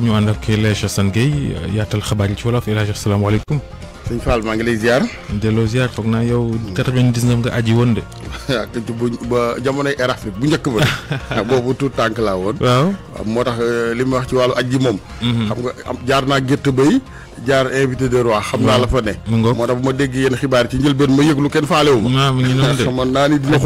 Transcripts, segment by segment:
ñu ànd ak El Hadj Assane Gueye yaatal xabaar yi ci wolof El Hadj asalaamaaleykum. sëñ Fall maa ngi lay ziar. delloo ziar foog naa yow. 99 nga aji woon de. ba jamonoy Air Afrique bu njëkk ba. boobu tout tànk laa woon. waaw moo tax eh, li mu wax ci wàllu aji moom. Mhm. xam nga am jaar naa gerte béy. jaar invité de roi xam naa la fa ne moo tax ma dégg yéen xibaar ci njëlbeen ma yëglu kenn faalewu ma mu ngi noonu de xamoon naa ni dina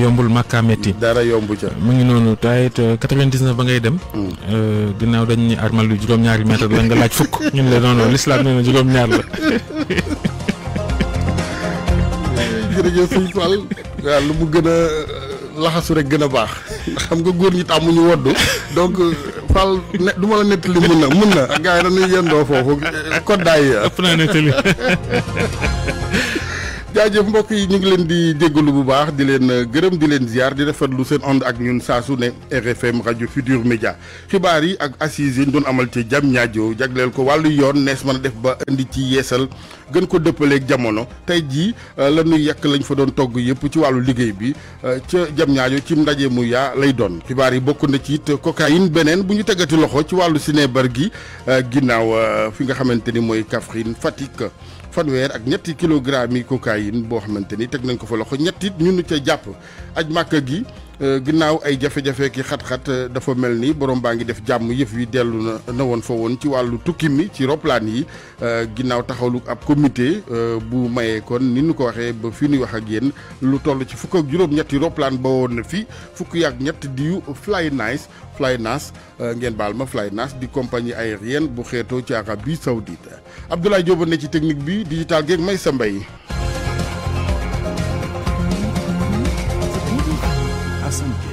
yomb ca mu ngi noonu taayit 99 euh, ba ngay dem hmm. euh, ginnaaw dañ ni armal lu juróom-ñaari mètre la nga laaj fukk ñun la noonu lislaam nee na juróom-ñaar la jërëjëf sëñ lu mu gën a euh, laxasu rek gën a baax xam nga góor ñi tàmmuñu wodd donc Fall ne du ma la nettali mun na mun na gars yi dañuy yëndoo foofu koddaay ya ëpp nettali jaajëf mbokk yi ñu ngi leen di jéggalu bu baax di leen gërëm di leen ziar di lu seen ànd ak ñun saa su ne RFM rajo Futur Média xibaar yi ak assises yi doon amal ci jam ñaajo jagleel ko wàllu yoon nees mën a def ba indi ci yeesal gën ko dëppaleek jamono tey jii euh, la yekk yàq lañ fa doon togg yëpp ci wàllu liggéey bi euh, ca jam ñaajo ci ndaje mu yaa lay doon xibaar yi bokk na ci it cocaïne beneen bu ñu tegati loxo ci wàllu sinébar gi euh, ginnaaw fi nga xamante ni mooy Kaffrine Fatick fanweer ak ñetti kilo kilogramme yi cocaïne boo xamante ni teg nañ ko fa loxo ñett it ñun ca jàpp aj màkk gi. ginnaaw ay jafe-jafe ki xat-xat euh, dafa mel ni borom baa ngi def jàmm yëf yi dellu na na woon fa woon ci wàllu tukki mi ci roplaan yi euh, ginnaaw taxawlu ab comité euh, bu mayee kon ni ñu ko waxee ba fi ñuy wax ak yéen lu toll ci fukk ak juróom-ñetti roplaan ba woon na fi fukk ak ñett diyu Flynice Flynas ngeen baal ma Flynas di compagnie aérienne bu xeetoo ci Arabie Saoudite Abdoulaye Diop ne ci technique bi digital geeg may sa mbay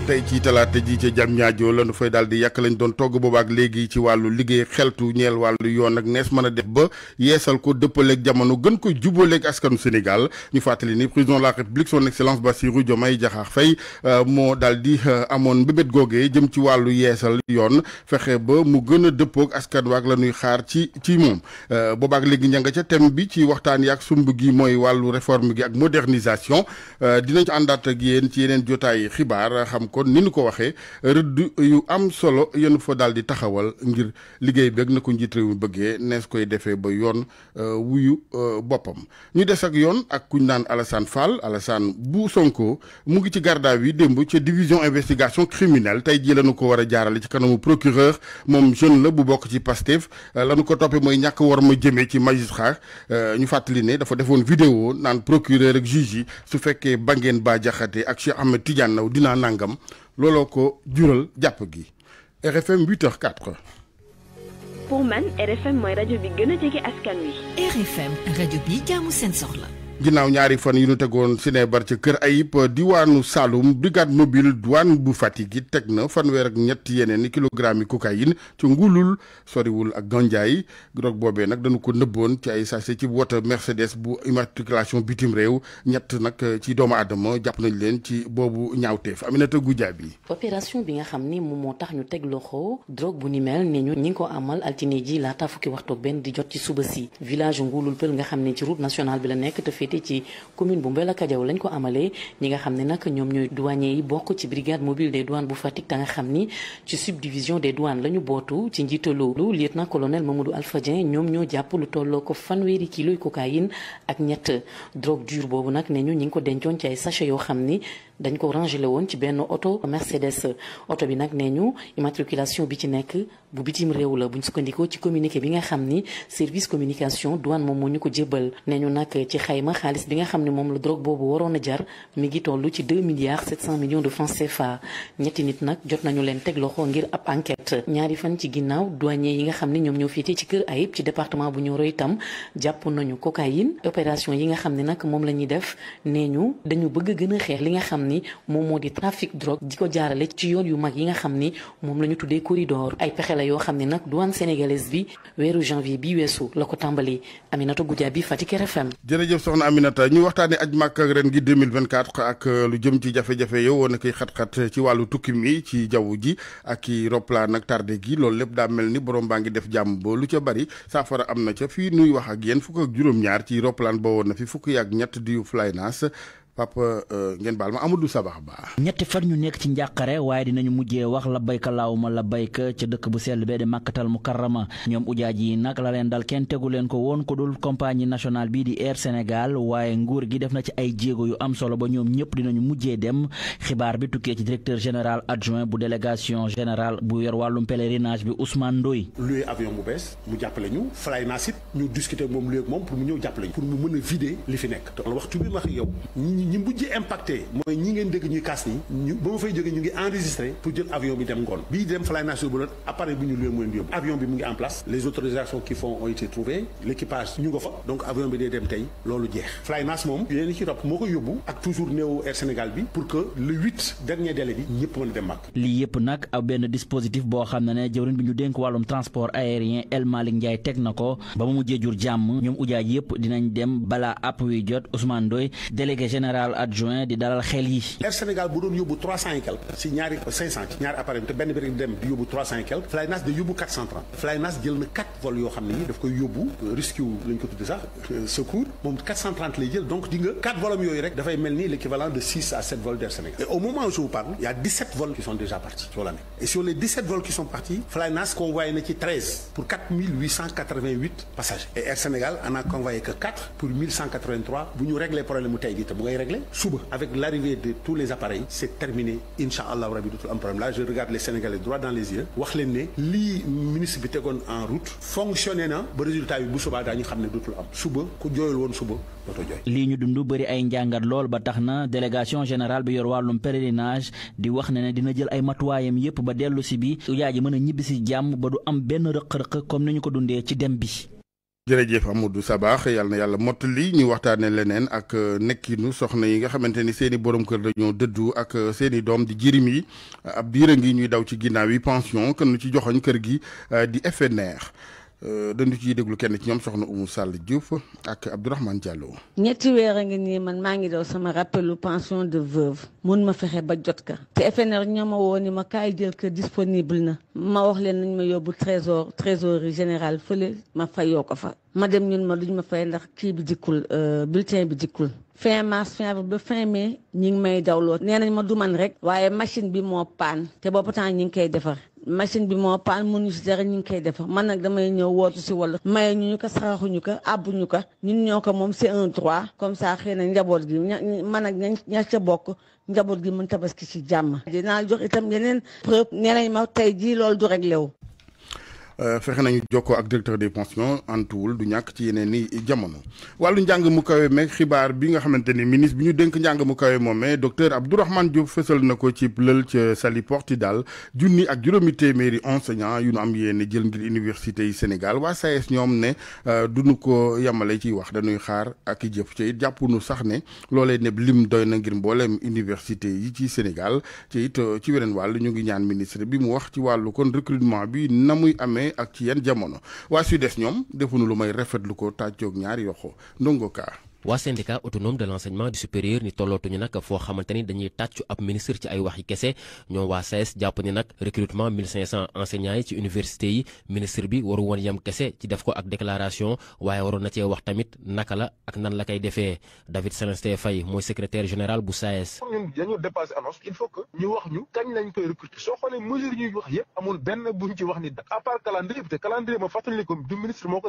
tey ci talaata ji ca jam ñaajoo la nu fay daal di yàq lañ doon togg boobaak léegi ci wàllu liggéey xeltu ñeel wàllu yoon ak nees mën a def ba yeesal ko dëppaleeg jamono gën ko jubaleeg askanu Sénégal ñu fàttali ni président de la république son excellence Bassirou Diomaye Diakhar Faye euh, moo daal di euh, amoon mbébét googee jëm ci wàllu yeesal yoon fexe ba mu gën a dëppoog askan waak la ñuy xaar ci ci moom euh, boobaak léegi ña nga ca thème bi ci waxtaan ak sumb gi mooy wàllu réforme gi ak modernisation dinañ kon ni ñu ko waxee rëdd yu am solo yéen fa daal di taxawal ngir liggéey beeg na ko njiit réew mi bëggee nees koy defee ba yoon euh, wuyu euh, boppam. ñu des ak yoon ak kuñ naan Alassane Fall Alassane bu Sonko mu ngi ci gardaa yi démb ca division investigation criminelle tey jii lañu ko war a jaarale ci kanamu procureur moom jeune la bu bokk ci Pastef euh, lañu ko toppee mooy ñàkk war ma jëmee ci magistrat ñu fàttali ne dafa defoon vidéo naan procureur ak juge yi su fekkee Banguène Ba Diakhaté ak Cheikh Ahmed Tidiane Ndao dinaa nangam. looloo ko jural jàpp gi RFM 8h04. pour man RFM mooy rajo bi gën a jege askan wi. RFM rajo bi jaamu seen soxla. ginnaaw ñaari fan yu ñu tegoon Sinébar ca Kër Ayib diwaanu Saloum brigade mobile douane bu Fatick yi teg na fanweer ak ñett yeneen i kilogramme yi cocaïne ci ngulul soriwul ak ganjaay drogue boobee nag dañu ko nëbboon ci ay sachet ci woto Mercedes bu immatriculation bitim réew ñett nag ci doomu aadama jàpp nañ leen ci boobu ñaawteef Aminata Goudia bi opération bi nga xam ni moom moo tax ñu teg loxo drogue bu ni mel ñu ñi ngi ko amal altine ji laata fukki waxtu benn di jot ci sécurité ci commune bu Mbélacadiao lañ ko amalee ñi nga xam ne nag ñoom ñooy douaniers yi bokk ci brigade mobile des douanes bu Fatick te nga xam ni ci subdivision des douanes la ñu bootu ci njiitalu lieutenant colonel Mamadou Alpha Dieng ñoom ñoo jàpp lu tolloo ko fanweeri kiloy cocaïne ak ñett drogue dure boobu nag ne ñu ñi ngi ko dencoon ci ay sachet yoo xam ni dañ ko rangé woon ci benn oto Mercedes oto bi nag nee ñu immatriculation bi ci nekk bu bitim réew la buñ sukkandikoo ci communiqué bi nga xam ni service communication douane moom moo ñu ko jébbal nee ñu nag ci xayma xaalis bi nga xam ne moom la drogue boobu waroon a jar mi ngi toll ci 2 milliards 700 millions de francs CFA ñetti nit nag jot nañu leen teg loxo ngir ab ñaari fan ci ginnaaw douanier yi nga xam ne ñoom ñoo féetee ci kër Ayib ci département bu Nioro itam jàpp nañu cocaïne opération yi nga xam ne nag moom la ñuy def nee ñu dañu bëgg gën a xeex ni moom moo di trafic drogue di ko jaarale ci yoon yu mag yi nga xam ni moom la ñu tuddee corridor ay pexe la yoo xam ne nag douane sénégalaise bi weeru janvier bi weesu la ko tàmbali Aminata Goudia bi Fatick RFM. jërëjëf soxna Aminata ñu waxtaanee aj màkk ak ren gi 2024 ak euh, lu jëm ci jafe-jafe yow woon na koy xat-xat ci wàllu tukki mi ci jaww ji ak i roplaan ak tardé gi loolu lépp daa mel ni borom baa ngi def jàmm ba lu ca bari saafara am na ca fii nuy wax ak yéen fukk juróom-ñaar ci roplaan ba woon na fi fukki ak ñett di Flynas papa euh, ngeen baal ma Amadou Sabax Ba. ñetti fan ñu nekk ci njàqare waaye dina dinañu mujjee wax la bayka laaw ma la bayka ca dëkk bu sell bee di màkkatal mu karrama ñoom ujaaj yi nag la leen dal kenn tegu leen ko woon ko dul compagnie nationale bii di Air Sénégal waaye nguur gi def na ci ay jéego yu am solo ba ñoom ñëpp dinañu mujjee dem xibaar bi tukkee ci directeur général adjoint bu délégation générale bu yor wàllum pèlerinage bi Ousmane Ndoye. luy avion bu bees mu jàppale ñu fly naa ñu discuter moom luy ak moom ñëw jàppale ñu. pour mu mën a li fi nekk. waxtu ñu mujj impacté mooy ñi ngeen dégg ñuy kaas nii ñu ba ma fay jógee ñu ngi enregistré pour jël avion bi dem ngoon bii dem Fly Nation bu doon appareil ñu luwee mooy avion bi mu ngi en place les autorisations qui font ont été trouvées l'équipage ñu nga fa donc avion bi day dem tey loolu jeex Fly Nation moom yeneen ci topp moo ko yóbbu ak toujours néew Air Sénégal bi pour que le huit dernier délai bi ñëpp mën a dem mag lii yëpp nag ab benn dispositif boo xam ne ne jëwriñ bi ñu dénk wàllum transport aérien El Malick Ndiaye ko ba mu jàmm ñoom yëpp dinañ dem balaa app wi jot Ousmane Ndoye délégué général adjoint di dalal xel yi. Air Sénégal bu doon yóbbu trois si ñaari ci ñaari appareil te benn bi rek dem di yóbbu trois cent et quelque yóbbu quatre cent jël na quatre vols yoo xam ne yi euh, dafay mel ni l'équivalent de six à sept vols d'Air Sénégal et au moment où je parle il dix sept vols qui sont déjà partis sur l'année et sur les dix sept vols qui sont partis Flynas convoyé na ci pour quatre mille Air Sénégal en a convoyé pour bu ñu réglé problème mu tey réglé. suba avec l'arrivée de tous les appareils c'est terminé incha allah rabi dootul am problème là je regarde les sénégalais droit dans les yeux wax leen ne lii ministre bi tegoon en route fonctionné na ba résultat bi bu subaa ñu xam ne dootul am suba ku jooyul woon suba dootoo lii ñu dund bëri ay njàngat lool ba tax na délégation générale bi yor wàllum pèlerinage di wax na ne dina jël ay matuwaayam yépp ba dellu si bi yaa ji mën a ñibbi si jàmm ba du am benn rëq-rëq comme ni ñu ko dundee ci dem bi. jërëjëf Amadou Sabax yàlla na yàlla mottali ñu waxtaanee leneen ak euh, nekkinu soxna yi nga xamante ni seen i borom kër dañoo dëddu ak euh, seeni doom di jirim yi ab diir a ngi ñuy daw ci ginnaaw yi pension nu ci joxoñ kër gi euh, di neex Euh, dañu ciy déglu kenn ci ñoom soxna Oumou Sall Diouf ak Abdourahmane Diallo. ñetti weer a ngi nii man maa ngi daw sama rappelu pension de veuve mun ma fexe ba jot ka te FNR ñoo ma woo ni ma kaay jël kër disponible na ma wax leen nañ ma yóbbu trésor trésorerie général fële ma fayoo ko fa ma dem ñun ma duñ ma fay ndax kii bi dikkul euh, bulletin bi dikkul. fin mars fin avril ba fin mais ñi ngi may dawloo nee nañ ma du man rek waaye machine bi moo paan te boobu temps ñi ngi koy defar. machine bi moo paan mënuñu si dara ñu ngi koy defar man nag damay ñëw wootu si wala maye ñu ñu ko saraxuñu ko àbbuñu ko ñun ñoo ko moom c'est un droit comme ça xëy na njaboot gi man ak ña ña bokk njaboot gi mën tabaski si jàmm. naa jox itam yeneen preuve ma tey jii loolu du réglé wu Euh, fexe nañu jokkoo ak directeur des pensions antuwul du ñàkk ci yeneen ni jamono wàllu njàng mu kawe meeg xibaar bi nga xamante ni ministre bi ñu dénk njàng mu kawe moomee docteur Abdourahmane Diop fësal na ko ci lël ca Saly Portudal junni ak juróomi téeméeri enseignant yu nu am yéen jël ngir université yi Sénégal waa SAES e ñoom ne euh, duñu ko yemale ciy wax danuy xaar ak i jëf ci jàpp nu sax ne loolee neb lim doy na ngir mbooleem université yi ci Sénégal ci it euh, ci weneen wàll ñu ngi ñaan ministre bi mu wax ci wàllu kon bi na muy amee ak ci yan jamono waa des ñoom defuñu lu may rafetlu ko tàccoog ñaari yoxo ndongo kaa waa syndicat autonome de l'enseignement du supérieur ni tollootuñu nag foo xamante ni dañuy tàccu ab ministre ci ay wax yi kese ñoom waa SAES e jàpp ni nag recrutement 1500 enseignants yi ci université yi ministre bi waru woon yem kese ci def ko ak déclaration waaye waroon na cee wax tamit naka la ak nan la koy defee David Célestin Faye mooy secrétaire général bu SAES. E ñun dañu dépassé annonce il faut que ñu wax ñu kañ lañ koy recruter soo xoolee mesure ñuy wax yëpp amul benn buñ ci wax ni da à part ko du ministre moo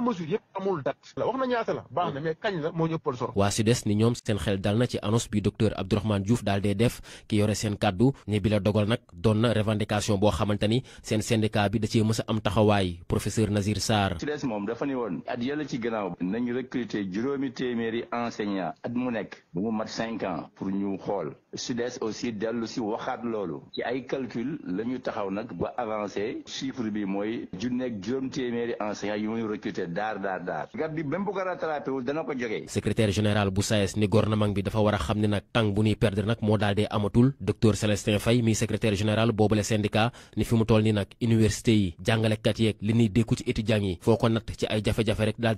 mesure amul date la wax na ñaata la baax na mm. mais moo ñu ëppal solo. waa SUDES ni ñoom seen xel dal na ci annonce bi docteur Abdourahmane Diouf daal dee def ki yore seen kàddu ne bi la dogal nag doon na revendication boo xamante ni seen syndicat bi da cee mës a am taxawaay professeur Nazir Sarr. SUDES moom dafa ni woon at yàlla ci gannaaw nañu recruter juróomi téeméeri enseignant at mu nekk bu mu mat cinq pour ñu xool. SUDES aussi dellu si waxaat loolu ci ay calcul la taxaw nag ba avancé chiffre bi mooy junneeg juróom téeméeri enseignants yu ñu recruté daar daar daar garab bi même bu ko rattrapé ko jógee secrétaire général bu SAES e ni gouvernement bi dafa war a xam ne nag tàng bu ñuy perdre nag moo daal dee amatul docteur Célestin Faye mi secrétaire général boobule syndicat ni fi mu toll ni nag université yi jàngalekat yeeg li ñuy dékku ci étudiants yi foo ko natt ci ay jafe-jafe rek daal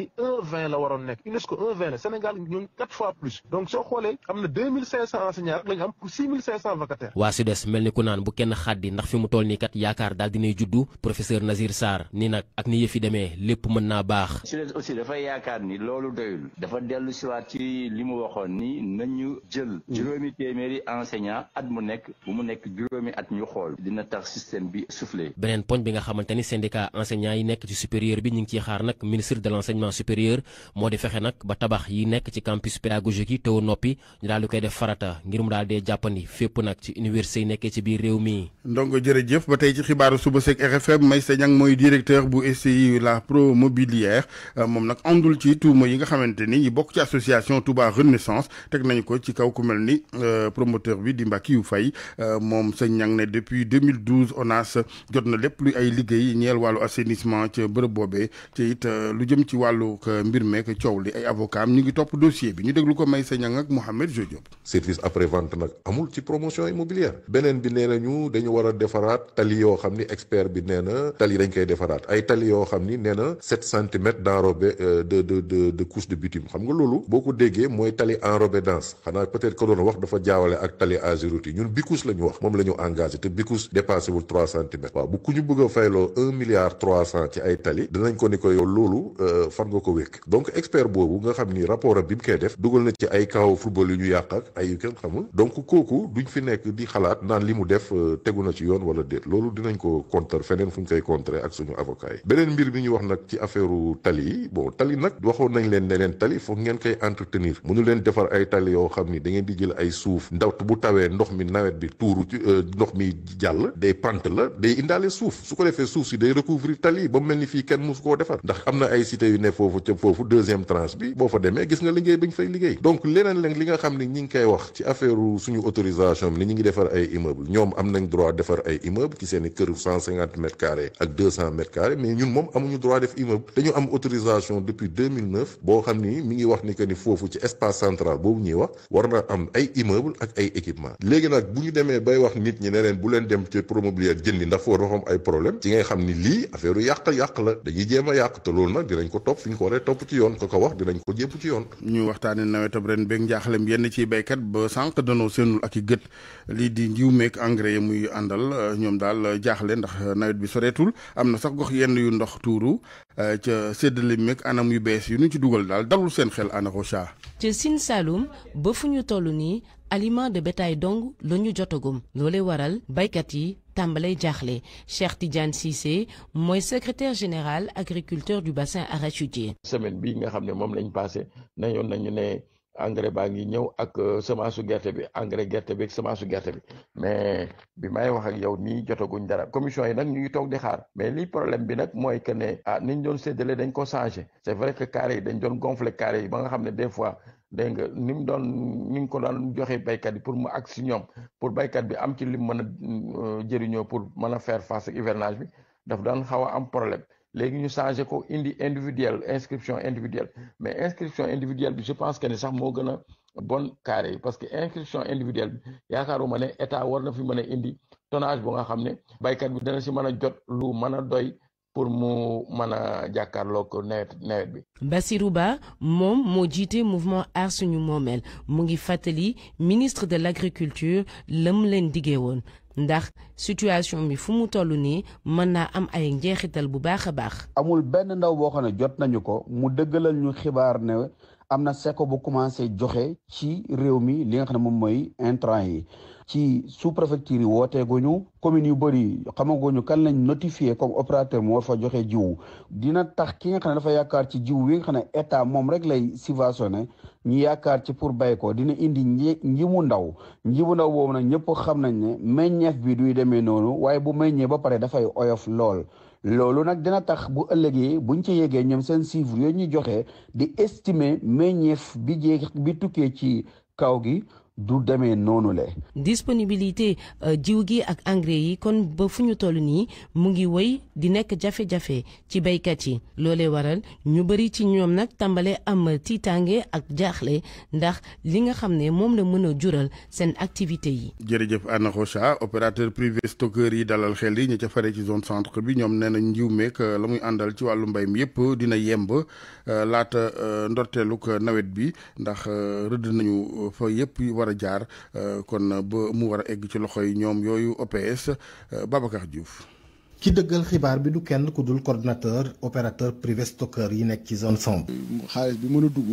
yi un vingt la waroon nekk UNESCO un vingt la Sénégal ñooñu quatre fois plus donc soo xoolee mel ni ku naan bu kenn xaddi ndax fi mu toll nii kat yaakaar daal dinay juddu professeur Nazir Sarr ni nag ak ni yëf yi demee lépp mën naa baax SUDES aussi dafay yaakaar ni loolu doyul dafa dellu siwaat ci li mu waxoon ni nañu jël mm. juróomi téeméeri enseignant at mu nekk bu mu nekk juróomi at ñu xool dina tax système bi soufflé beneen poñ bi nga xamante ni syndicat enseignement supérieur moo di fexe nag ba tabax yi nekk ci campus pédagogique yi teewu noppi ñu daal di koy def farata ngir mu daal dee jàppandi fépp nag ci université yi nekkee ci biir réew mi. ndongo jërëjëf ba tey ci xibaaru suba seeg RFM sa Niang mooy directeur bu SCI la pro mobilière euh, moom nag àndul ci tuuma yi nga xamante ni yi bokk ci association Touba Renaissance teg nañu ko ci kaw ku mel ni euh, promoteur bi di Mbakiou Faye euh, moom sa Niang ne depuis 2012 ONAS jot na lépp luy ay liggéey ñeel wàllu assainissement ca wàllu euh, mbir meek coow li ay avocat am ñu ngi topp dossier bi ñu déglu ko Maysa Niang ak Mouhamed Diop. service après vente nag amul ci promotion immobilière beneen bi nee nañu dañu war a defaraat tali yoo xam ni expert bi nee na tali dañ koy defaraat ay tali yoo xam ni nee na sept centimètres d'enrobé euh, de de de de couche de bitume xam nga loolu boo ko déggee mooy tali enrobé dense xanaa peut-être que doon wax dafa jaawale ak tali azéruti ñun bicouche la wax moom la ñu engagé te bicouche dépassé wul trois centimètres waaw bu ku ñu bëgg a fayloo un ay tali danañ nga ko wékk donc expert boobu nga xam ni rapport am bi mu koy def dugal na ci ay kaw football yu ñu yàq ak ay yu kenn xamul donc kooku duñ fi nekk di xalaat naan li mu def euh, tegu na ci yoon wala déet loolu dinañ ko contrer feneen fu ñu koy contrer ak suñu avocat yi beneen mbir bi ñu wax nag ci affaire tali yi bon tali nag waxoon nañ leen ne leen tali foog ngeen koy entretenir mënu leen da ngeen di jël ay suuf ndawt bu tawee ndox mi nawet bi tuuru ci euh, ndox mi jàll day pant la day indaale suuf su ko defee suuf si day recouvrir tali ba mel ni fii kenn mosu koo defar ndax am na ay cité yu ne foofu ca foofu deuxième tranche bi boo fa demee gis nga liggéey bi ñu fay liggéey donc leneen leen li nga xam ne ñi ngi koy wax ci affaire suñu autorisation bi ni ñu ngi defar ay immeuble ñoom am nañ droit defar ay immeuble ci seen i kër cent cinquante mètres carrés ak deux cent mètres carrés mais ñun moom amuñu droit def immeuble dañu am autorisation depuis boo xam ni mi ngi wax ni que ni foofu ci espace central boobu ñuy wax war na am ay immeuble ak ay équipement bu ñu demee bay wax nit ñi suñ ko waree topp ci yoon ko ko wax dinañ ko jépp ci yoon. ñu waxtaanee nawetab ren beeg njaaxlem yenn ciy béykat ba sànq danoo seenul ak i gët lii di njiw meeg engrais yi muy àndal ñoom daal jaaxle ndax nawet bi soreetul am na sax gox yenn yu ndox tuuru ca séddale meeg anam yu bees yu ñu ci dugal daal dalul seen xel ana Rocha. ca Sine ba fu ñu toll nii aliment de bétail dong la ñu jotagum loole waral baykat yi tàmbalay jaaxle Cheikh Tidiane Cissé mooy secrétaire général agriculteur du bassin arachidier. semaine bi nga xam ne moom lañ passé nañoon nañu ne engrais baa ngi ñëw ak euh, semence su gerte bi engrais gerte bi ak semence gerte bi mais bi may wax ak yow jotaguñ dara commission yi nag ñu ngi toog di xaar mais lii problème bi nag mooy que ne ah niñ doon séddale dañ ko changé c'est vrai que carré yi dañ doon gonfler carré yi ba nga xam ne des fois dégg nga ni mu doon ni mu ko daan joxe baykat yi pour mu ak si ñoom pour baykat bi am ci lim mën a euh, jëriñoo pour mën a faire face ak hivernage bi daf daan xaw a am problème léegi ñu changer ko indi individuel inscription individuelle mais inscription individuelle bi je pense que ni sax moo gën a bon carré parce que inscription individuelle bi ne état war na fi mën a indi tonnage bu nga xam ne baykat bi dana si mën a jot lu mën a doy pour mu mën a jàkkaarloog nawet nawet bi. Bassirou Ba moom moo jiite mouvement aar suñu moomeel mu ngi fàttali ministre de l'agriculture la mu leen diggee woon ndax situation bi fu mu toll nii mën naa am ay njeexital bu baax a baax. amul benn ndaw boo ne jot nañu ko mu dëggalal ñu xibaar ne. am na seko bu commencé joxe ci réew mi li nga xam ne moom mooy intrant yi ci sous préfecture yi ñu communes yu bëri xamaguñu kan lañ notifié comme opérateur mu war fa joxe jiw dina tax ki nga xam ne dafa yaakaar ci jiw wi nga xam ne état moom rek lay subventionné ñu yaakaar ci pour bay ko dina indi nji mu ndaw nji ndaw boobu nag ñëpp xam nañ ne meññeef bi duy demee noonu waaye bu meññee ba pare dafay oyof lool loolu nag dina tax bu ëllëgee buñ ci yeggee ñoom seen chiffre yooyu ñu joxe di estimer meññeef bi jee bi tukkee ci kaw gi du demee noonu le disponibilité euh, jiw gi ak engrais yi kon ba fu ñu toll nii mu ngi woy di nekk jafe-jafe ci baykat yi loole waral ñu bëri ci ñoom nag tàmbale am tiitaange ak jaaxle ndax li nga xam ne moom la mën a jural seen activité yi jërëjëf Anna Rocha opérateur privé stockeur yi dalal xel yi ñu ca fare ci zone centre bi ñoom nee na njiw meek euh, la muy àndal ci wàllu mbay mi yëpp dina yemb euh, laata ndorteeluk nawet bi ndax rëdd nañu fa yëpp war a jaar euh, kon euh, ba mu war a egg ci loxo yi ñoom yooyu OPS euh, Babacar Diouf. ki dëggal xibaar bi du kenn ku dul coordonnateur opérateur privé stockeur yi nekk ci zone sombre. xaalis bi mën a dugg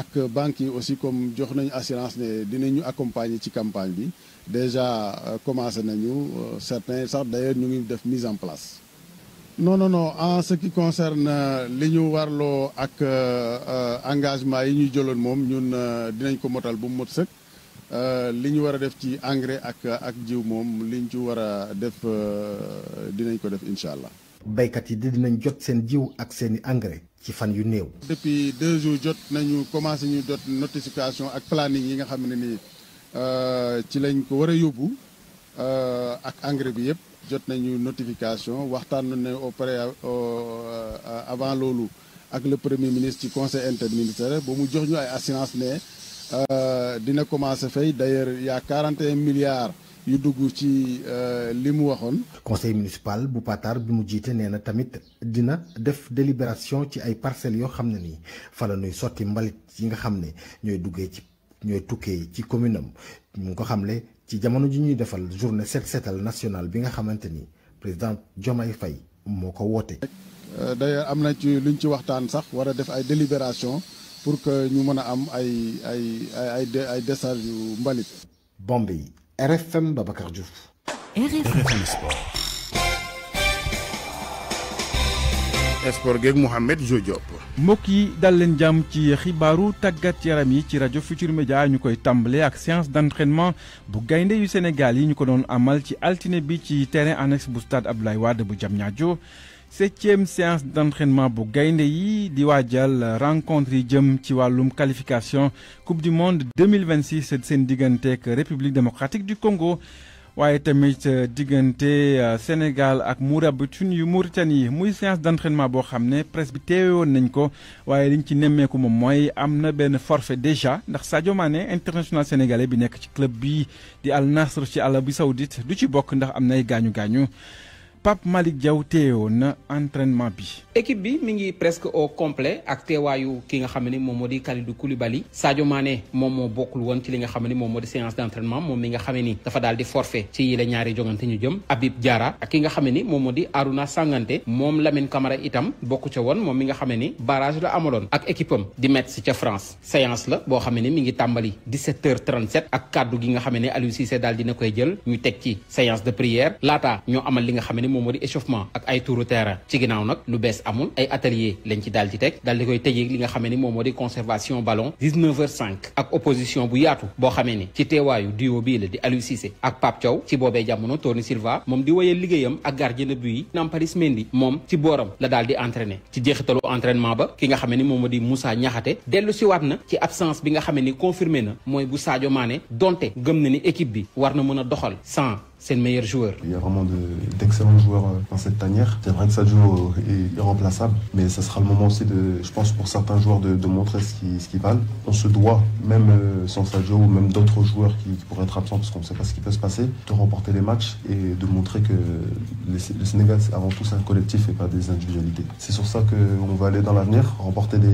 ak banques yi aussi comme jox nañu assurance ne dinañu accompagner ci campagne bi déjà commencé nañu certains sax d'ailleurs ñu ngi def mise en place. non non non en ce qui concerne li ñu warloo ak engagement yi ñu jëloon moom ñun dinañ ko motal bu mu mot sëkk. Euh, li ñu war a def ci engrais ak ak jiw moom li ñu ci war a def euh, dinañ ko def incha allah. béykat yi di dinañ jot seen jiw ak seen i engrais ci fan yu néew. depuis deux jours jot nañu commencé ñu jot notification ak planning yi nga xam ne nii euh, ci lañ ko war a yóbbu ak engrais bi yëpp jot nañu notification waxtaan nañu au pré avant loolu ak le premier ministre ci conseil interministériel ba mu jox ñu ay assurance ne. Euh, dina commencé fay d'ailleurs il y yu dugg ci euh, li mu waxoon. conseil municipal bu Patar bi mu jiite nee na tamit dina def délibération ci ay parcelles yoo xam ne nii fa nuy sotti mbalit yi nga xam ne ñooy duggee ci ñooy tukkee ci commune am mu ngi ko xamle ci jamono ji ñuy defal journée set setal nationale bi nga xamante ni président ay fay moo ko woote. Euh, d'ailleurs am na ci luñ ci waxtaan sax war a def ay délibération. pour que ñu mën a am ay ay ay yu mbalit. Bombay RFM Babacar Diouf. RFM mbokk yi dal leen jàmm ci xibaaru tàggat yaram yi ci rajo Futur Media ñu koy tàmbalee ak séance d'entraînement bu gaynde yu Sénégal yi ñu ko doon amal ci altine bi ci terrain annexe bu stade Abdoulaye Wade bu Diamniadio septième séance d'entraînement bu gaynde yi di waajal rencontre yi jëm ci wàllum qualification coupe du monde 2026 seen digganteek république démocratique du Congo waaye tamit euh, diggante euh, Sénégal ak Mourabitoune yu Mauritanie muy séance d'entraînement boo xam ne presse bi woon nañ ko waaye liñ ci nemmeeku moom mooy am na benn forfait déjà ndax Sadio Mané international sénégalais bi nekk ci club bi di Al Nassr ci Arabie Saoudite du ci bokk ndax am nay gaañu gaañu. Pape Malick Diaw teewoon na entraînement bi. équipe bi mi ngi presque au complet ak teewaayu ki nga xam ne moom moo di Kalidou Koulibaly Sadio Mané moom moo bokkul woon ci li nga xam ne moom moo di séance d' entraînement moom mi nga xam ni dafa daal di forfait ci yi la ñaari jongante ñu jëm Habib Diarra ak ki nga xam ni moom moo di Arouna Sangante moom Lamine Camara itam bokku ca woon moom mi nga xam ni barrage la amaloon ak équipe am di Metz ca France séance la boo xam ne mi ngi tàmbali 17h37 ak kaddu gi nga xam ne daal dina koy jël ñu teg ci ne ni moom moo di échauffement ak ay touru terrain ci ginnaaw nag lu bees amul ay atelier lañ ci daal teg daal koy tëjee li nga xamee ni moom moo di conservation ballon 19 heures 5 ak opposition bu yaatu boo xamee ni ci teewaayu duo bii la di Aliou Cissé ak Pape Thiaw ci boobee jamono Tony Silva moom di wéyal liggéeyam ak gardien de but yi Nampalys Mendy moom ci booram la daal di entraîné ci jeexitalu entraînement ba ki nga xamee ni moom moo di Moussa Niakhaté dellu siwaat na ci absence bi nga xamee ni confirmé na mooy bu Sadio Mané donte gëm na ni équipe bi war na mën a doxal sans c'est le meilleur joueur. Il y a vraiment d'excellents de, joueurs euh, dans cette tanière. C'est vrai que Sadio euh, est irremplaçable, mais ça sera le moment aussi, de, je pense, pour certains joueurs de, de montrer ce qu'ils qu valent. On se doit, même euh, sans Sadio ou même d'autres joueurs qui, qui, pourraient être absents parce qu'on ne sait pas ce qui peut se passer, de remporter les matchs et de montrer que le Sénégal, c'est avant tout un collectif et pas des individualités. C'est sur ça qu'on va aller dans l'avenir, remporter des,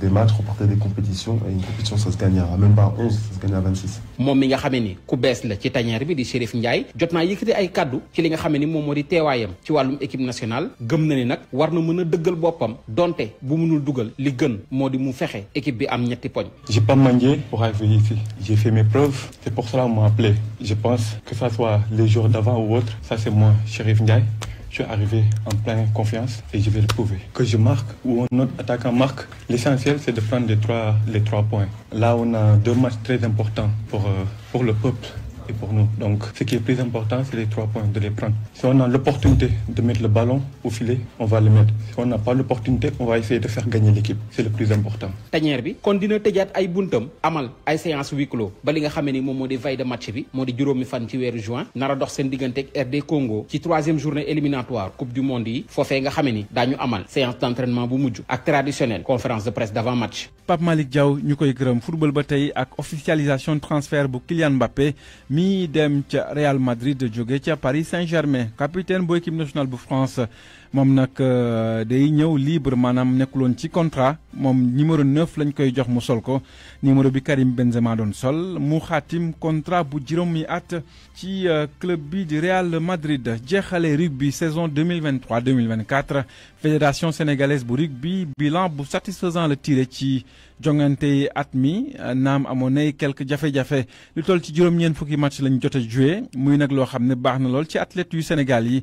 des matchs, remporter des compétitions. Et une compétition, ça se gagnera même pas à 11, ça se gagne à 26. moom mi nga xamee ni ku bees la ci tañeer bi di Chérif Ndiaye jot naa yëkkati ay kaddu ci li nga xamee ni moom moo di teewaayam ci wàllum équipe nationale gëm na ni nag war na mën a dëggal boppam donte bu mënul dugal li gën moo di mu fexe équipe bi am ñetti poñ. j'ai pas manqué pour arriver ici j'ai fait mes preuves c'est pour cela qu'on m'a appelé je pense que ça soit les jours d'avant ou autre ça c'est moi Chérif Ndiaye Je suis arrivé en pleine confiance et je vais le prouver. Que je marque ou un autre attaquant marque, l'essentiel c'est de prendre les trois, les trois points. Là, on a deux matchs très importants pour, euh, pour le peuple et Donc, ce qui est plus important, c'est les trois points, de prendre. Si on l'opportunité de mettre le ballon au filet, on va le mettre. Si on pas l'opportunité, on va essayer de faire gagner l'équipe. C'est le plus important. tañeer bi kon dina tëjaat ay buntam amal ay séance huis clos nga xamee ni moom moo di veille match bi moo di juróomi fan ci weeru juin nar dox seen diggante ak RD Congo ci troisième journée éliminatoire coupe du monde yi foofee nga xamee mi dem ca Real Madrid joge ca Paris Saint-Germain capitaine bu équipe nationale bu France moom nag euh, day ñëw libre maanaam nekkuloon ci contrat moom numéro 9 lañ koy jox mu sol ko numéro bi Karim Benzema doon sol mu xaatim contrat bu juróom juróomi at ci euh, club bi di Real Madrid jeexale rugby saison 2023 2024 fédération sénégalaise bu rugby bilan bu satisfaisant la tiré ci jongante at mi naam amoon nay quelques jafe-jafe lu toll ci juróom-ñeent fukki match lañ jot a muy nag loo xam ne baax na lool ci athlètes Sénégal yi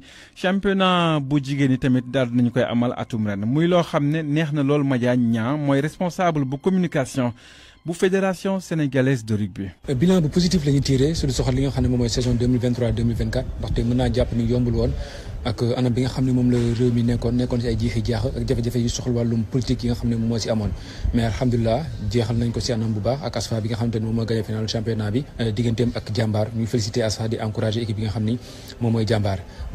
tamit daal dinañu koy amal atum ren muy loo xam ne neex na lool Madiagne Niang mooy responsable bu communication bu fédération sénégalaise de rugby. bilan bu positif la ñu tiré su soxal li nga xam ne moom mooy saison ndaxte mën naa jàpp ni yombul woon ak euh, anam bi nga xam ne moom la réew mi nekkoon nekkoon si ay jiixi jaax ak jafe-jafe yu soxal wàllum politique yi nga xam ne moom moo si amoon mais alhamdulilah jeexal nañ ko si anam bu baax ak ASFA bi nga xamante ne moom moo gagné final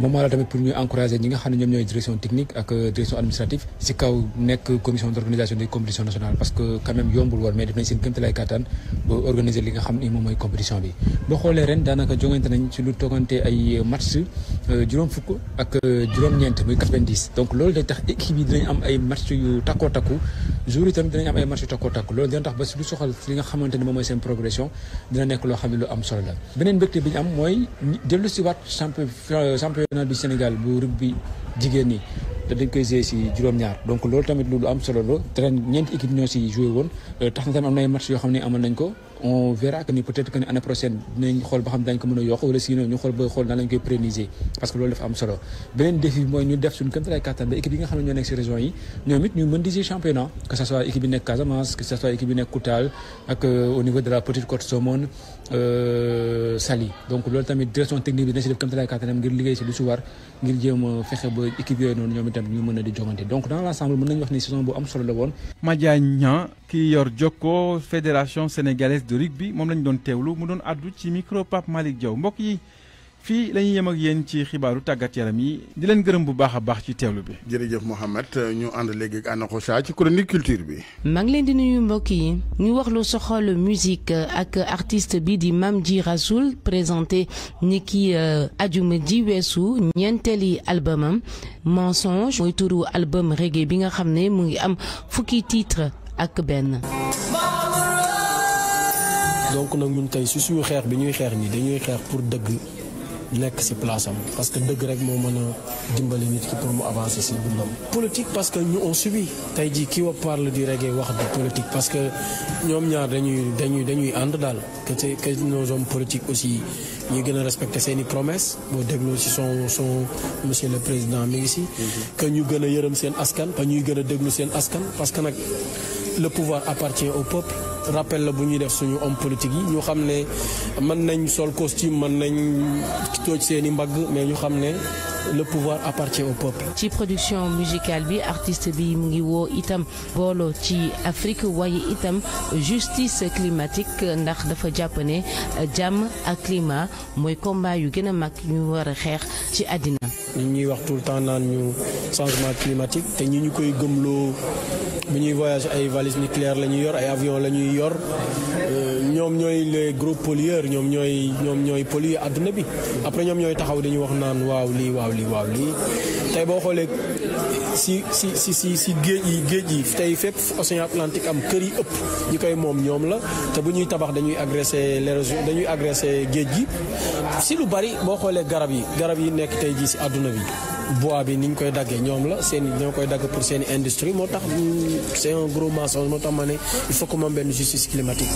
moom moo la tamit pour ñu encourager ñi nga xam ne ñoom ñooy direction technique ak euh, direction administrative si kaw nekk commission d' organisation des compétitions nationales parce que quand même yombul woon mais def nañ seen kéemtalaay kattan ba organiser li nga xam ni moom mooy compétition bi boo xoolee ren daanaka jongante nañ ci lu toogante ay euh, match euh, juróom fukk ak juróom-ñeent muy 90 donc loolu day tax équipe yi dinañ am ay match yu takkoo takku jour yi tamit dinañ am ay marché takkoo takk loolu dina tax ba si lu soxal li nga xamante ni mooy seen progression dina nekk loo xam ne lu am solo la beneen mbégte bi ñu am mooy dellu si waat championnat du Sénégal bu rugby jigéen ñi te dañ koy joué si juróom-ñaar donc loolu tamit lu am solo la te ren ñeenti équipe ñoo si joué woon euh, tax na tamit am na ay match yoo xam ne amal nañ ko on verra que ni peut-être ni année prochaine dinañ xool ba xam dañ ko mën a yokk wala sinon ñu xool ba xool na lañ koy préniser parce que loolu dafa am solo beneen défi mooy ñu def suñu kéemtalaay kattan ba équipe yi nga xam ne ñoo nekk si région yi ñoom it ñu mën di championnat que ça soit équipe bi nekk Casamance que ça soit équipe bi nekk Koutal ak euh, au niveau de la Petite Côte Somone Euh, Sali donc loolu tamit direction technique bi dina si def comme teel kàttanam ngir liggéey si lu si war ngir jéem a fexe ba équipe yooyu noonu ñoom itam ñu mën a di joŋante donc dans l' ensemble nañu wax ni saison bu am solo la woon. Madiagne Niang kii yor Jokko fédération sénégalaise de rugby moom lañ doon teewlu mu doon addu ci micro Pape Malick Diaw mbokk yi. fii la ñuy yem ak yéen ci xibaaru tàggat yaram yi di leen gërëm bu baax a baax ci teelu bi. jërëjëf Mouhamed ñu ànd léegi ak Anna Kosa ci chronique culture bi. maa leen di nuyu mbokk yi ñu wax lu soxal musique ak artiste bi di Mame Dji Rassoul présenté ni ki euh, ajuma ji weesu ñeenteeli albumam mensonge mooy turu albam reggae bi nga xam ne mu ngi am fukki titre ak benn. donc nag ñun tey si suñu xeex bi ñuy xeex nii dañuy xeex pour dëgg. nekk si place parce que dëgg rek moo mën a dimbali nit ki pour mu avancer si dundam. politique parce que ñu on subit tey jii kii wa parle du reggae wax du politique parce que ñoom ñaar dañuy dañuy dañuy ànd daal que que nos aussi ñuy gën a respecter seen i promesses boo dégloo si son son monsieur le président mi ngi si. Mm-hmm. ñu gën a yërëm seen askan. ñuy gën a déglu seen askan parce que nag. le pouvoir appartient au peuple rappel la bu ñuy def suñu homme politique yi ñu xam ne mën nañ sol costume mën nañ tooj seen i mbagg mais ñu xam ne le pouvoir appartient au peuple. ci production musicale bi artiste bi mu ngi woo itam booloo ci Afrique waaye itam justice climatique ndax dafa jàpp ne jàmm ak climat mooy combat yu gën a mag ñu war xeex ci àddina. ñi ñuy wax tout le temps ñu changement climatique te ñi ñu koy gëmloo bu ñuy voyage ay valise nucléaire la ñuy yor ay avion la ñuy yor euh, ñoom ñooy les gros pollueurs ñoom ñooy ñoom ñooy polluer àdduna bi après ñoom ñooy taxaw dañuy wax naan waaw lii waaw lii waaw lii tey boo xoolee si si si si si géej yi géej yi tey fépp océan Atlantique am kër yi ëpp ñu koy moom ñoom la te bu ñuy tabax dañuy agressé l'érosion dañuy agressé géej gi si lu bari boo xoolee garab yi garab yi nekk tey jii si àdduna bi bois bi ni ñu koy daggee ñoom la seen ñoo koy dagg pour seen industrie moo tax mm, c'est un gros mensonge moo tax ma ne il faut que moom benn justice climatique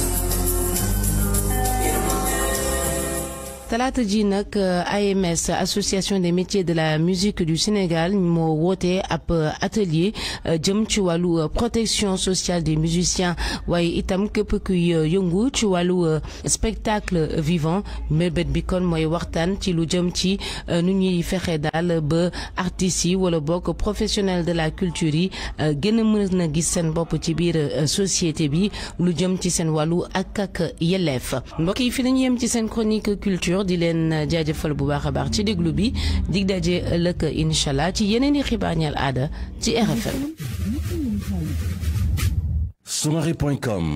talaata ji nag euh, AMS association des métiers de la musique du Sénégal moo woote ab euh, atelier euh, jëm ci wàllu protection sociale des musiciens waaye itam képp kuy yëngu ci wàllu spectacle vivant mébét bi kon mooy waxtaan ci lu jëm ci nu ñuy fexe daal ba artistes yi wala bokk professionnel de la culture yi gën a mën na gis seen bopp ci biir société bi lu jëm ci seen wàllu ak ak yelleef mbokk yi fi lañu yem ci seen chronique culture di leen euh, jaajëfal bu baax a baax ci déglu bi dig daje ëllëg incha allah ci yeneen i xibaar ñeel aada ci RFM. Soumari.com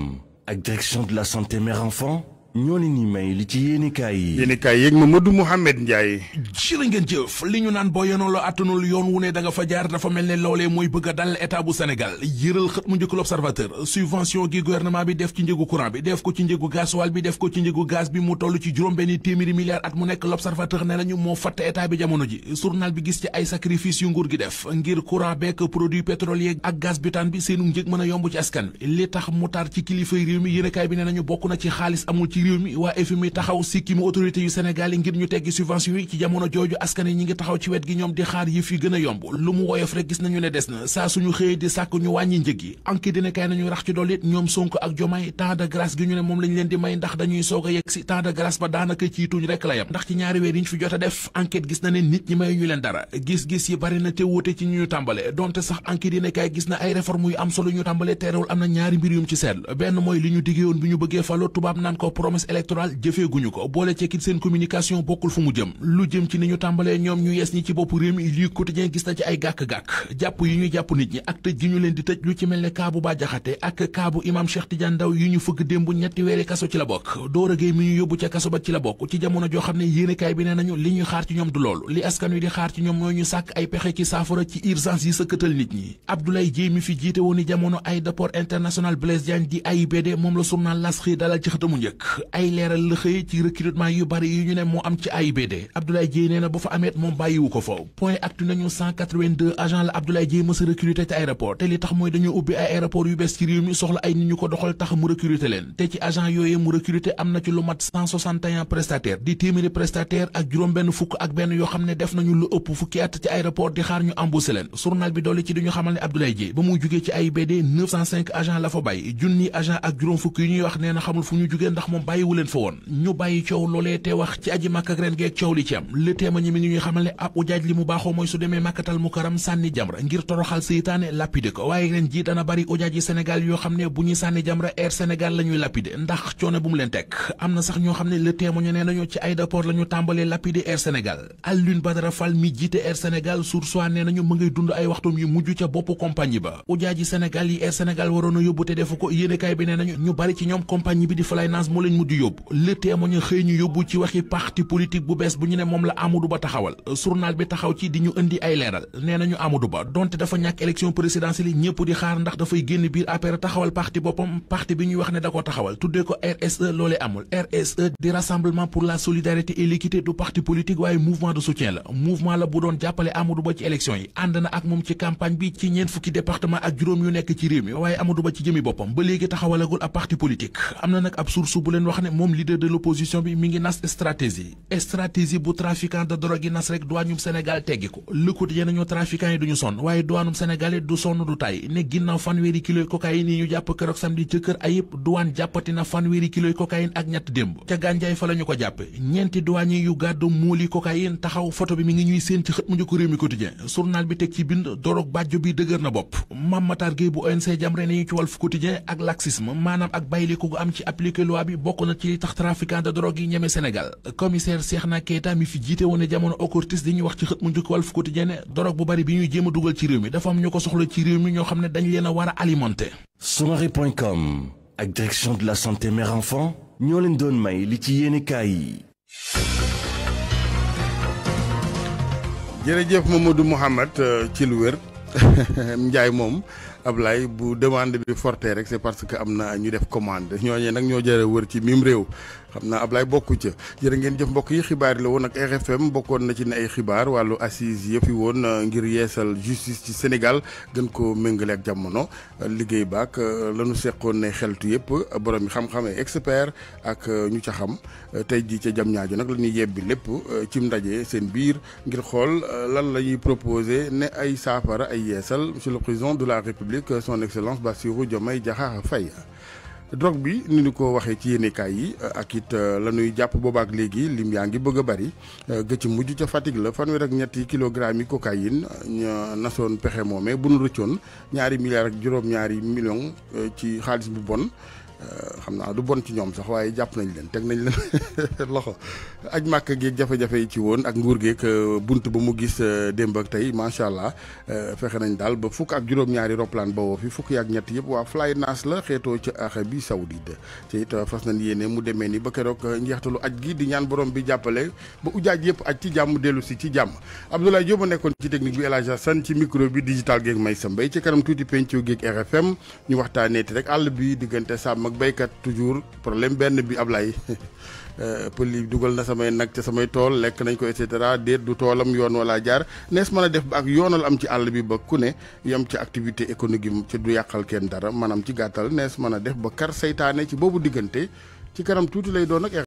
ak direction de la santé mère enfant. ñoo leen ni may li ci yéenekaay yi yéenekaay yeeg Mamadou Mouhamed Ndiaye jërë ngeen jëf li ñu naan boo yonoon la àttanul yoon wu ne da nga fa jaar dafa mel ne loolee mooy bëgg a dal état bu Sénégal yëral xët mu njëkk l'Observateur subvention gi gouvernement bi def ci njëgu courant bi def ko ci njëgu gasoil bi def ko ci njëgu gaz bi mu toll ci juróom benn téeméeri milliards at mu nekk l'Observateur ne nañu moo fatte état bi jamono ji journal bi gis ci ay sacrifice yu nguur gi ngir courant beek produit pétrolier ak gaz butane bi seenu njëg mën a yomb ci askan li tax mu tar ci kilifay réew mi bi ne nañu bokk na ci xaalis amul ci réew mi waa taxaw sikki mu yu Sénégal yi ngir ñu teggi subvention yi ci jamono jooju askan yi ñi ngi taxaw ci wet gi ñoom di xaar yëf yi gën a yomb lu mu woyof rek gis nañu ne des na saa suñu xëyee di sàkk ñu wàññi njëg yi enquête nañu rax ci dool ñoom Sonko ak Jomaay temps de grâce gi ñu ne moom lañ leen di may ndax dañuy soog a yegg si temps de grâce ba daanaka ci tuñ rek ndax ci ñaari weer fi jot a def enquête gis na ne nit promesse électorale jëfeeguñu ko boole cekkit seen communication bokkul fu mu jëm lu jëm ci ni ñu tàmbalee ñoom ñu yees ñi ci bopp réew mi lii quotidien gis na ci ay gàkk-gàkk jàpp yi ñu jàpp nit ñi ak tëj gi ñu leen di tëj lu ci mel ne kaabu ba ak kaabu imam Cheikh Tidiane Ndaw yi ñu fëgg démb ñetti weeri kaso ci la bokk Dora Gueye mi ñu yóbbu ca kaso ba ci la bokk ci jamono joo ne yéenekaay bi nee nañu li ñuy xaar ci ñoom du loolu li askan wi di xaar ci ñoom mooy ñu sàkk ay pexe jiite woon ni jamono aéroport international Blaise Diagne di AIBD moom la ay leeral la xëy ci recrutement yu bari yu ñu ne moo am ci AIBD Abdoulaye nee na bu fa ameet moom bàyyiwu ko fa point actu nañu 182 agent la Abdoulaye Dièye mësa recruter ci aéroport te li tax mooy dañoo ubbi ay aéroport yu bees ci réew mi soxla ay nit ñu ko doxal tax mu recruter leen te ci agent yooyee mu recruter am na ci lu mat 161 prestataire di téeméeri prestataire ak juróom-benn fukk ak benn yoo xam ne def nañu lu ëpp fukki at ci aéroport di xaar ñu embauché leen journal bi dolli ci di ñu xamal ne Abdoulaye Dièye ba mu jugee ci AIBD 905 agent la fa yu ñuy wax nee na fu ñu jugee ndax moom bàyyiwu leen fa woon ñu bàyyi coow loolee te wax ci aji màkk ak ren geeg coow li ci am le téema ñi mi ngi ñuy xamal ne ab ujaaj li mu baaxoo mooy su demee màkkatal mukaram sànni jamra ngir toroxal seytaane lapide ko waaye ren ji dana bari ujaaj yi Sénégal yoo xam ne bu ñuy sànni jamra Air Sénégal la ñuy lapide ndax coono bu mu leen teg am na sax ñoo xam ne le téema ñu nee nañu ci aéroport la ñu tàmbalee lapide Air Sénégal Alioune Badara Fall mi jiite Air Sénégal sur soit nee nañu mu ngay dund ay waxtum yu mujj ca bopp compagnie ba ujaaj yi Sénégal yi Air waroon a yóbbu te defu ko yéenekaay bi nee nañu ñu bari ci ñoom compagnie bi di Flynas mujj yóbbu le témoin xëy ñu yóbbu ci waxi parti politique bu bees bu ñu ne moom la Amadou taxawal journal bi taxaw ci di ñu indi ay leeral nee nañu Amadou donte dafa ñàkk élection présidentielle yi di xaar ndax dafay génn biir APR taxawal parti boppam parti bi ñuy wax ne da ko taxawal tuddee ko RSE loolee amul RSE di rassemblement pour la solidarité et du parti politique waaye mouvement de soutien la mouvement la bu doon jàppale Amadou wax ne moom leader de l'opposition bi mi ngi nas stratégie stratégie bu trafiquant de drogue yi nas rek duwaañum Sénégal teggi ko Le Quotidien nañu trafiquant yi duñu sonn waaye duwaanum Sénégal yi du sonn du tay ne ginnaaw fanweeri kiloy cocaïne yi ñu jàpp keroog samedi ca kër Ayib duwaan jàppati na fanweeri kiloy cocaïne ak ñett démb ca gànjaay fa la ko jàppe ñeenti duwaañ yu gàddu móoli cocaïne taxaw photo bi mi ngi ñuy seen ci xët mu njëkk réew mi ñu ci Walf Quotidien ak laxisme maanaam ak bàyyiliku gu am kon na ci tax trafiquant de drogue yi ñeme Sénégal commissaire Cheikhna Keita mi fi jiite woon jamono OCRTIS di ñu wax ci xët mu njëkk Walf Quotidien drogue bu bari bi ñuy jéem a dugal ci réew mi dafa am ñu ko soxla ci réew mi ñoo xam ne dañ leen a war a alimenter. Soumari.com ak direction de la santé mère enfant ñoo leen doon may li ci yéene kaay yi. jërëjëf Mamadou Mouhamed euh, ci lu wér Ndiaye moom. Ablaye bu demande bi forte rek c'est parce que am na ñu def commande ñooñee nag ñoo jëre wër ci mim réew xam naa ab Ablaye bokku ca jërë ngeen jëf mbokk yi xibaar la woon ak RFM bokkoon na ci ne ay xibaar wàllu assise yëpp yi woon euh, ngir yeesal justice ci Sénégal gën ko méngale ak jamono liggéey baak euh, lañu seqoon ne xeltu yëpp borom yi xam-xame expert ak euh, ñu ca xam tey ji ca jam ñaajo nag la ñuy yebbi lépp cim ndaje seen biir ngir xool lan la ñuy proposé ne ay saafara ay yeesal monsieur le président de la république son excellence Bassirou Diomaye Diakhar Faye drogue bi ni ñu ko waxee ci yéenekaay yi ak it euh, la ñuy jàpp boobaak léegi lim yaa ngi bëgg a bari euh, gëcc mujj ca Fatick la fanweer ak ñetti kilogramme yi cocaïne ña nasoon pexe moome bu nu rëccoon ñaari milliards juróom-ñaari millions euh, ci xaalis bu bon. Euh, xam naa du bon ci ñoom sax waaye jàpp nañ leen teg nañ leen loxo aj màkk geeg jafe-jafe yi ci woon ak nguur geeg euh, bunt ba mu gis euh, démb ak tey macha allah fexe nañ daal ba fukk ak juróom-ñaari roplaan ba woo fukk fukk ak ñett yëpp waa Flynas la xeetoo ci Arabie Saoudite te it fas nañ yéene mu demee ni ba keroog njeextalu aj gi di ñaan borom bi jàppale ba ujaaj yëpp aj ci jàmm dellu si ci jàmm Abdoulaye Diop a nekkoon ci technique bi El Hadj Assane ci micro bi digital geeg may sa mbay ci kanam tuuti pencu geeg RFM ñu waxtaanee rek àll bi diggante sàmm ak béykat toujours problème benn bi ab Ablaye euh, pël yi dugal na samay nag ca samay tool lekk nañ ko et cetera déet du toolam yoon wala jaar nees mën a def ba ak yoonal am ci àll bi ba ku ne yam ci activité économique ci du yàqal kenn dara maanaam ci gàttal nees mën a def ba kar seytaane ci boobu diggante ci kanam tuuti lay doon ak